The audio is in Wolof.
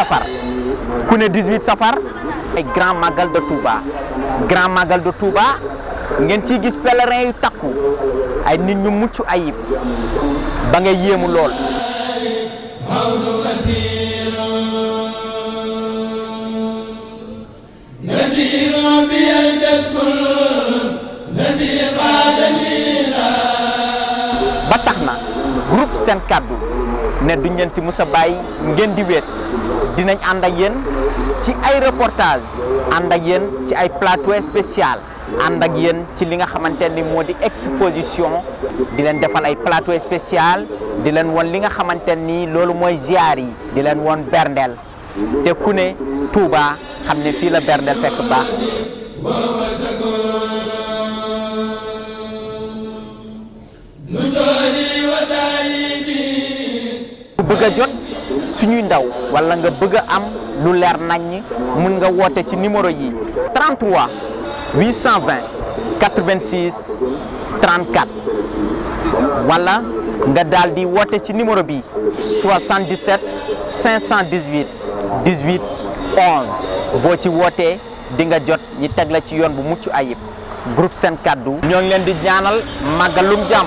safar ku ne 18 safar ay grand magal de Touba grand magal de Touba ngeen ciy gis pèlerins yu takku ay nit ñu mucc ayib ba nga yéemu lool. ba tax na groupe seen ne duñ leen ci mës a bàyyi ngeen di wéet dinañ ànd ak yéen ci ay reportage ànd ak yéen ci ay plateau spécial ànd ak yéen ci li nga xamante ni moo di exposition di leen defal ay plateau spécial di leen won li nga xamante ni loolu mooy ziar yi di leen won berndeel te ku ne Touba xam ne fii la berndeel fekk baax bëgg jot suñuy ndaw wala nga bëgg am lu leer naññ mën nga woté ci numéro yi 33 820 86 34 wala nga daldi di ci numéro bi 77 518 18 11 bo ci woté di nga jot ñi tégg la ci yoon bu muccu ayib groupe sen kàddu ñoo ngi leen di ñaanal màggalum jàmm